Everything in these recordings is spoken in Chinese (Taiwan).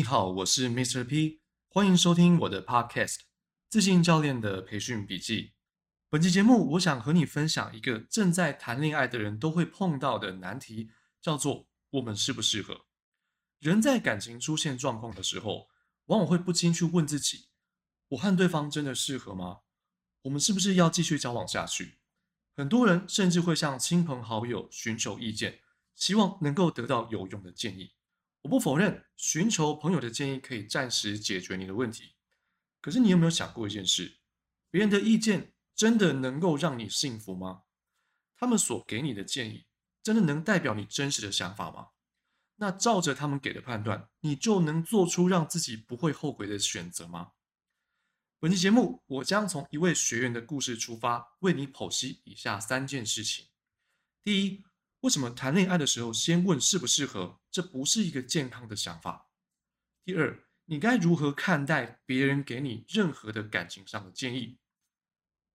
你好，我是 Mr. P，歡迎收聽我的 podcast 自信教練的培訓筆記。本期節目，我想和你分享一個正在談戀愛的人都會碰到的難題，叫做“我們適不適合”。人在感情出現狀況的時候，往往會不禁去問自己：“我和對方真的適合嗎？我們是不是要繼續交往下去？”很多人甚至會向親朋好友尋求意見，希望能夠得到有用的建議。我不否認尋求朋友的建議可以暫時解決你的問題，可是你有沒有想過一件事？別人的意見真的能夠讓你幸福嗎？他們所給你的建議真的能代表你真實的想法嗎？那照着他們給的判斷，你就能做出讓自己不會後悔的選擇嗎？本期節目，我將從一位學員的故事出發，為你剖析以下三件事情。第一，為什麼談戀愛的時候先問適不適合？這不是一個健康的想法。第二，你該如何看待別人給你任何的感情上的建議？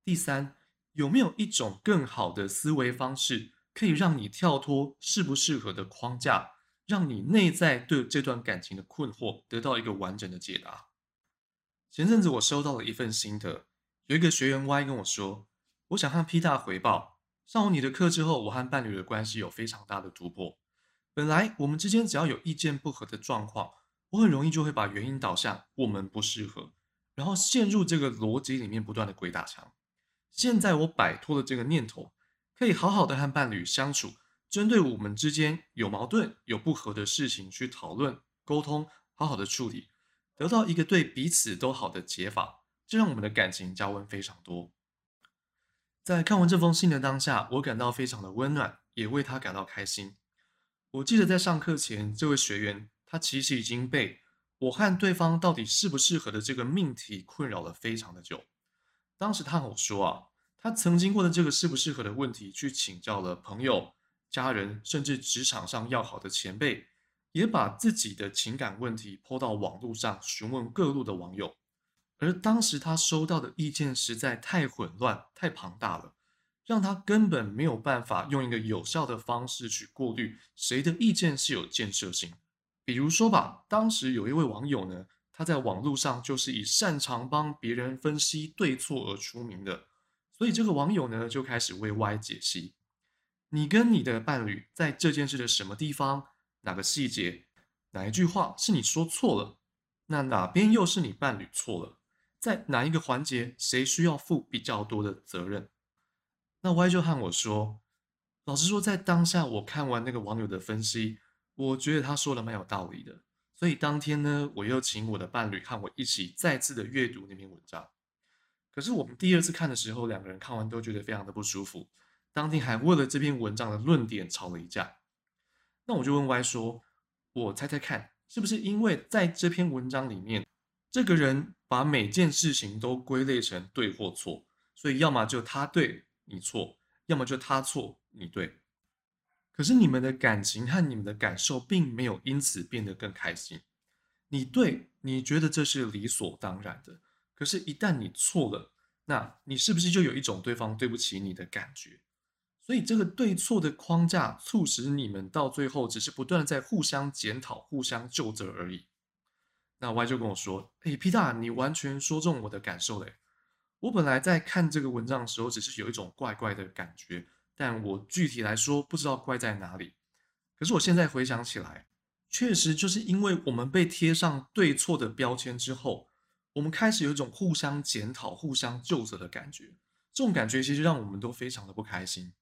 第三，有沒有一種更好的思維方式，可以讓你跳脫適不適合的框架，讓你內在對這段感情的困惑得到一個完整的解答？前陣子我收到了一份心得，有一個學員 Y 跟我說：“我想向 P 大回報。”上完你的課之後，我和伴侶的關係有非常大的突破。本來我們之間只要有意見不合的狀況，我很容易就會把原因導向我們不適合，然後陷入這個邏輯裡面不斷的鬼打牆。現在我擺脫了這個念頭，可以好好的和伴侶相處，針對我們之間有矛盾、有不合的事情去討論、溝通，好好的處理，得到一個對彼此都好的解法，這讓我們的感情加溫非常多。在看完這封信的當下，我感到非常的溫暖，也為他感到開心。我記得在上課前，這位學員他其實已經被“我和對方到底適不適合”的這個命題困擾了非常的久。當時他和我說啊，他曾經過的這個適不適合的問題，去請教了朋友、家人，甚至職場上要好的前輩，也把自己的情感問題拋到網絡上，詢問各路的網友。而當時他收到的意見實在太混亂、太龐大了，讓他根本沒有辦法用一個有效的方式去過濾誰的意見是有建設性。比如說吧，當時有一位網友呢，他在網絡上就是以擅長幫別人分析對錯而出名的，所以這個網友呢就開始為 Y 解析：你跟你的伴侶在這件事的什麼地方、哪個細節、哪一句話是你說錯了，那哪邊又是你伴侶錯了。在哪一個環節，誰需要負比較多的責任？那 Y 就和我說：“老實說，在當下我看完那個網友的分析，我覺得他說的蠻有道理的。所以當天呢，我又請我的伴侶和我一起再次的閱讀那篇文章。可是我們第二次看的時候，兩個人看完都覺得非常的不舒服，當天還為了這篇文章的論點吵了一架。那我就問 Y 說，我猜猜看，是不是因為在這篇文章裡面？”這個人把每件事情都歸類成對或錯，所以要麼就他對你錯，要麼就他錯你對。可是你們的感情和你們的感受並沒有因此變得更開心。你對，你覺得這是理所當然的。可是，一旦你錯了，那你是不是就有一種對方對不起你的感覺？所以，這個對錯的框架促使你們到最後只是不斷在互相檢討、互相咎責而已。那 Y 就跟我說：“誒、欸，皮大，你完全說中我的感受嘞！我本來在看這個文章的時候，只是有一種怪怪的感覺，但我具體來說不知道怪在哪裡。可是我現在回想起來，確實就是因為我們被貼上對錯的標籤之後，我們開始有一種互相檢討、互相究責的感覺。這種感覺其實讓我們都非常的不開心。”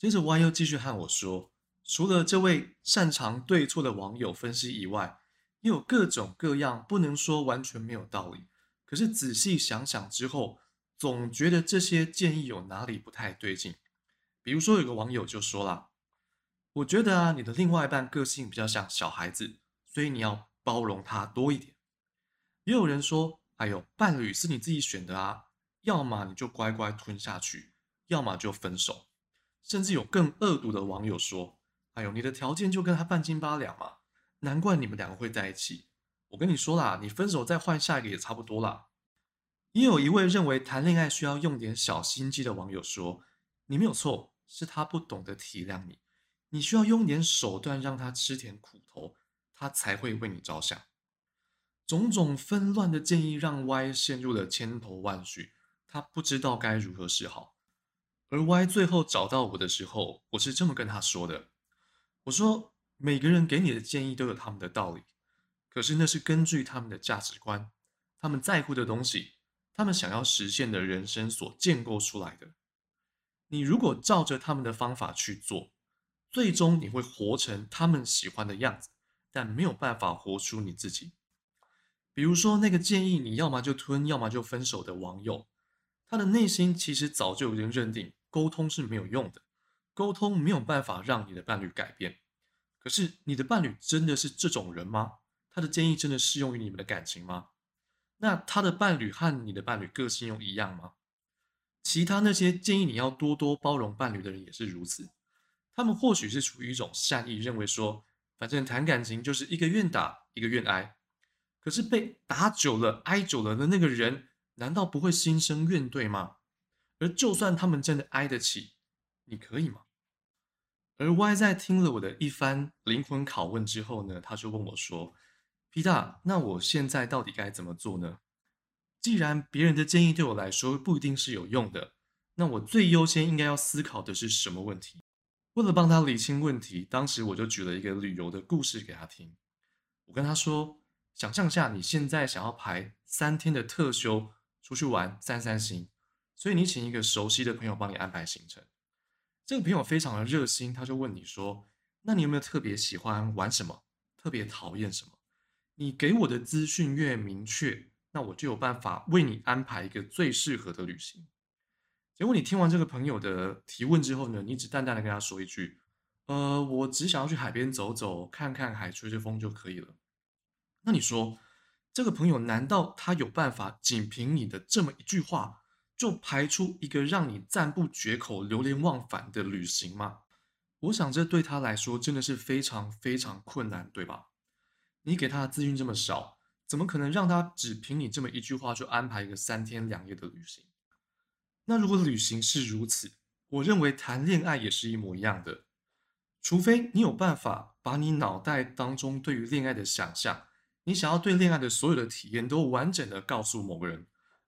接着 Y 又繼續和我說：“除了這位擅長對錯的網友分析以外，”也有各種各樣，不能說完全沒有道理，可是仔細想想之後，總覺得這些建議有哪裡不太對勁。比如說，有個網友就說了：“我覺得啊，你的另外一半個性比較像小孩子，所以你要包容他多一點。”也有人說：“哎呦，伴侶是你自己選的啊，要麼你就乖乖吞下去，要麼就分手。”甚至有更惡毒的網友說：“哎呦，你的條件就跟他半斤八兩嘛啊。”難怪你們兩個會在一起。我跟你說啦，你分手再換下一個也差不多啦。也有一位認為談戀愛需要用點小心機的網友說：“你沒有錯，是他不懂得體諒你，你需要用點手段讓他吃點苦頭，他才會為你着想。”種種紛亂的建議讓 Y 陷入了千頭萬緒，他不知道該如何是好。而 Y 最後找到我的時候，我是這麼跟他說的：“我說。”每個人給你的建議都有他們的道理，可是那是根據他們的價值觀、他們在乎的東西、他們想要實現的人生所建構出來的。你如果照着他們的方法去做，最終你會活成他們喜歡的樣子，但沒有辦法活出你自己。比如說，那個建議你要麼就吞，要麼就分手的網友，他的內心其實早就已經認定溝通是沒有用的，溝通沒有辦法讓你的伴侶改變。可是你的伴侶真的是這種人嗎？他的建議真的適用於你們的感情嗎？那他的伴侶和你的伴侶個性又一樣嗎？其他那些建議你要多多包容伴侶的人也是如此，他們或許是處於一種善意，認為說反正談感情就是一個願打一個願挨，可是被打久了挨久了的那個人難道不會心生怨懟嗎？而就算他們真的挨得起，你可以嗎？而 Y 在聽了我的一番靈魂拷問之後呢，他就問我說：“皮特，那我現在到底該怎麼做呢？既然別人的建議對我來說不一定是有用的，那我最優先應該要思考的是什麼問題？”為了幫他理清問題，當時我就舉了一個旅遊的故事給他聽。我跟他說：“想象下，你現在想要排三天的特休出去玩散散心，所以你請一個熟悉的朋友幫你安排行程。”這個朋友非常的熱心，他就問你說：“那你有沒有特別喜歡玩什麼，特別討厭什麼？你給我的資訊越明確，那我就有辦法為你安排一個最適合的旅行。”結果你聽完這個朋友的提問之後呢，你只淡淡的跟他說一句：“呃，我只想要去海邊走走，看看海，吹吹風就可以了。”那你說，這個朋友難道他有辦法僅憑你的這麼一句話？就排出一個讓你讚不絕口、流連忘返的旅行嗎？我想這對他來說真的是非常非常困難，對吧？你給他的資訊這麼少，怎麼可能讓他只憑你這麼一句話就安排一個三天兩夜的旅行？那如果旅行是如此，我認為談戀愛也是一模一樣的，除非你有辦法把你腦袋當中對於戀愛的想象，你想要對戀愛的所有的體驗都完整地告訴某個人。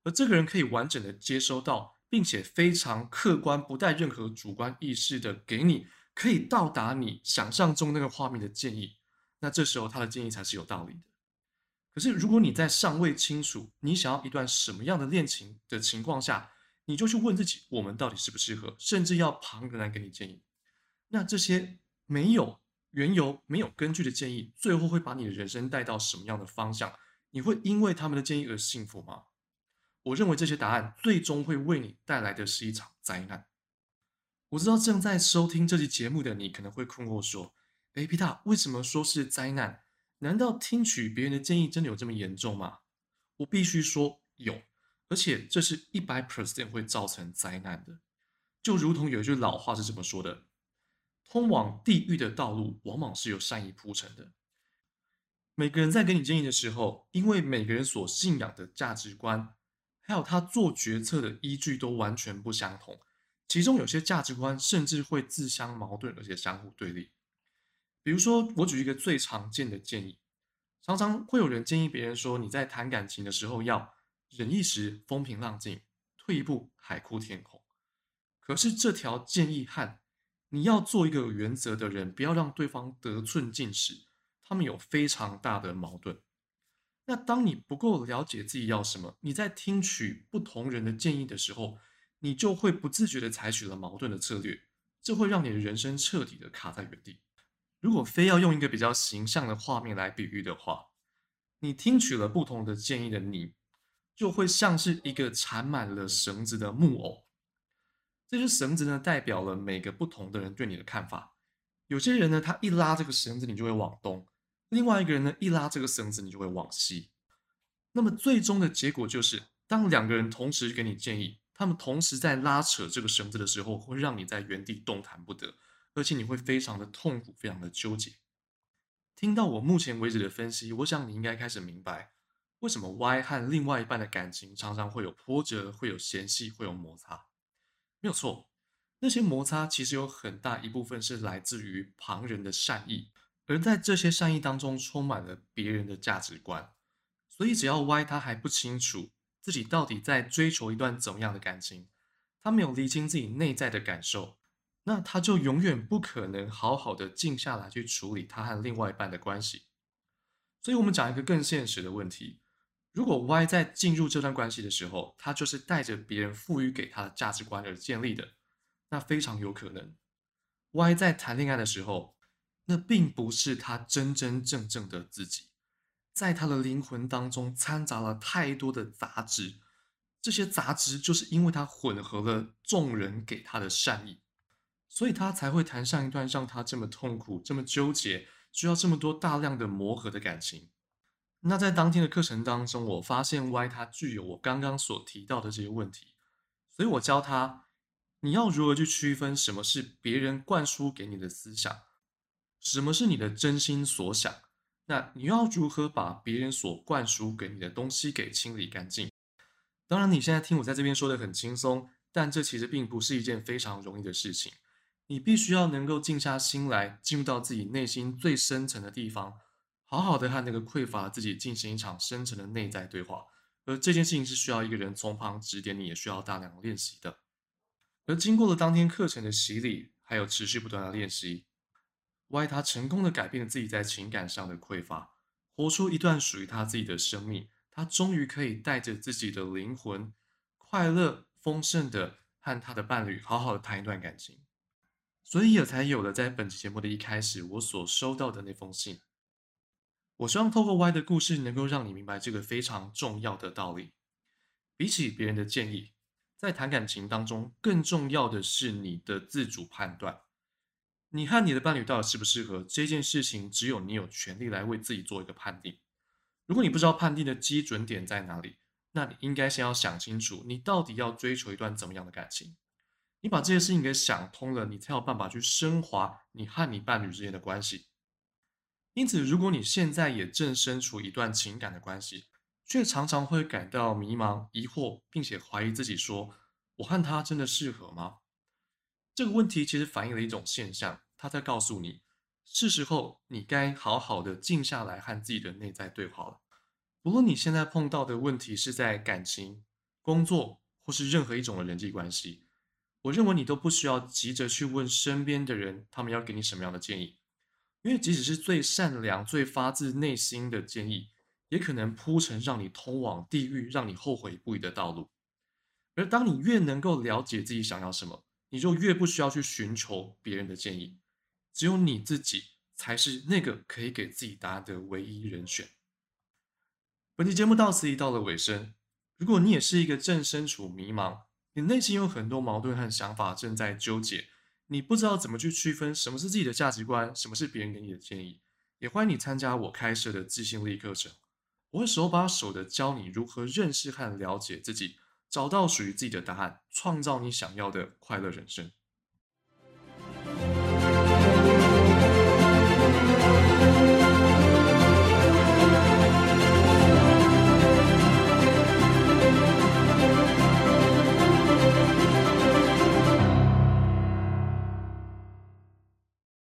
而這個人可以完整的接收到，並且非常客觀，不帶任何主觀意識的給你，可以到達你想象中那個畫面的建議，那這時候他的建議才是有道理的。可是如果你在尚未清楚你想要一段什麼樣的戀情的情況下，你就去問自己我們到底適不適合，甚至要旁人來給你建議，那這些沒有緣由、沒有根據的建議，最後會把你的人生帶到什麼樣的方向？你會因為他們的建議而幸福嗎？我認為這些答案最終會為你帶來的是一場災難。我知道正在收聽這期節目的你可能會困惑說：“欸，P 大，為什麼說是災難？難道聽取別人的建議真的有這麼嚴重嗎？”我必須說有，而且這是一百 percent 會造成災難的。就如同有一句老話是這麼說的：“通往地獄的道路往往是由善意鋪成的。”每個人在給你建議的時候，因為每個人所信仰的價值觀，還有他做決策的依據都完全不相同，其中有些價值觀甚至會自相矛盾，而且相互對立。比如說，我舉一個最常見的建議，常常會有人建議別人說：“你在談感情的時候要忍一時風平浪靜，退一步海闊天空。”可是這條建議和你要做一個有原則的人，不要讓對方得寸進尺，他們有非常大的矛盾。那當你不夠了解自己要什麼，你在聽取不同人的建議的時候，你就會不自覺的採取了矛盾的策略，這會讓你的人生徹底的卡在原地。如果非要用一個比較形象的畫面來比喻的話，你聽取了不同的建議的你，就會像是一個纏滿了繩子的木偶。這些繩子呢，代表了每個不同的人對你的看法。有些人呢，他一拉這個繩子，你就會往東。另外一個人呢，一拉這個繩子，你就會往西。那麼最終的結果就是，當兩個人同時給你建議，他們同時在拉扯這個繩子的時候，會讓你在原地動彈不得，而且你會非常的痛苦，非常的糾結。聽到我目前為止的分析，我想你應該開始明白，為什麼 Y 和另外一半的感情常常會有波折，會有嫌隙，會有摩擦。沒有錯，那些摩擦其實有很大一部分是來自於旁人的善意。而在這些善意當中，充滿了別人的價值觀，所以只要 Y 他還不清楚自己到底在追求一段怎麼樣的感情，他沒有釐清自己內在的感受，那他就永遠不可能好好的靜下來去處理他和另外一半的關係。所以，我們講一個更現實的問題：如果 Y 在進入這段關係的時候，他就是帶着別人賦予給他的價值觀而建立的，那非常有可能 Y 在談戀愛的時候。那並不是他真真正正的自己。在他的靈魂當中摻雜了太多的雜質，這些雜質就是因為他混合了眾人給他的善意，所以他才會談上一段讓他這麼痛苦、這麼糾結、需要這麼多大量的磨合的感情。那在當天的課程當中，我發現 Y 他具有我剛剛所提到的這些問題，所以我教他，你要如何去區分什麼是別人灌輸給你的思想，什麼是你的真心所想？那你又要如何把別人所灌輸給你的東西給清理乾淨？當然，你現在聽我在這邊說的很輕鬆，但這其實並不是一件非常容易的事情。你必須要能夠靜下心來，進入到自己內心最深層的地方，好好的和那個匱乏自己進行一場深層的內在對話。而這件事情是需要一個人從旁指點，你也需要大量練習的。而經過了當天課程的洗禮，還有持續不斷的練習。Y 他成功的改變了自己在情感上的匱乏，活出一段屬於他自己的生命。他終於可以帶着自己的靈魂，快樂豐盛的和他的伴侶好好的談一段感情。所以也才有了在本期節目的一開始我所收到的那封信。我希望透過 Y 的故事能夠讓你明白這個非常重要的道理：比起別人的建議，在談感情當中更重要的是你的自主判斷。你和你的伴侶到底適不適合這件事情，只有你有權利來為自己做一個判定。如果你不知道判定的基準點在哪裡，那你應該先要想清楚，你到底要追求一段怎麼樣的感情。你把這些事情給想通了，你才有辦法去昇華你和你伴侶之間的關係。因此，如果你現在也正身處一段情感的關係，卻常常會感到迷茫、疑惑，並且懷疑自己說：“我和他真的適合嗎？”這個問題其實反映了一種現象，它在告訴你，是時候你該好好的靜下來和自己的內在對話了。不論你現在碰到的問題是在感情、工作或是任何一種的人際關係，我認為你都不需要急着去問身邊的人，他們要給你什麼樣的建議，因為即使是最善良、最發自內心的建議，也可能鋪成讓你通往地獄、讓你後悔不已的道路。而當你越能夠了解自己想要什麼，你就越不需要去尋求別人的建議，只有你自己才是那個可以給自己答案的唯一人選。本期節目到此已到了尾聲。如果你也是一個正身處迷茫，你內心有很多矛盾和想法正在糾結，你不知道怎麼去區分什麼是自己的價值觀，什麼是別人給你的建議，也歡迎你參加我開設的自信力課程，我會手把手的教你如何認識和了解自己。找到屬於自己的答案，創造你想要的快樂人生。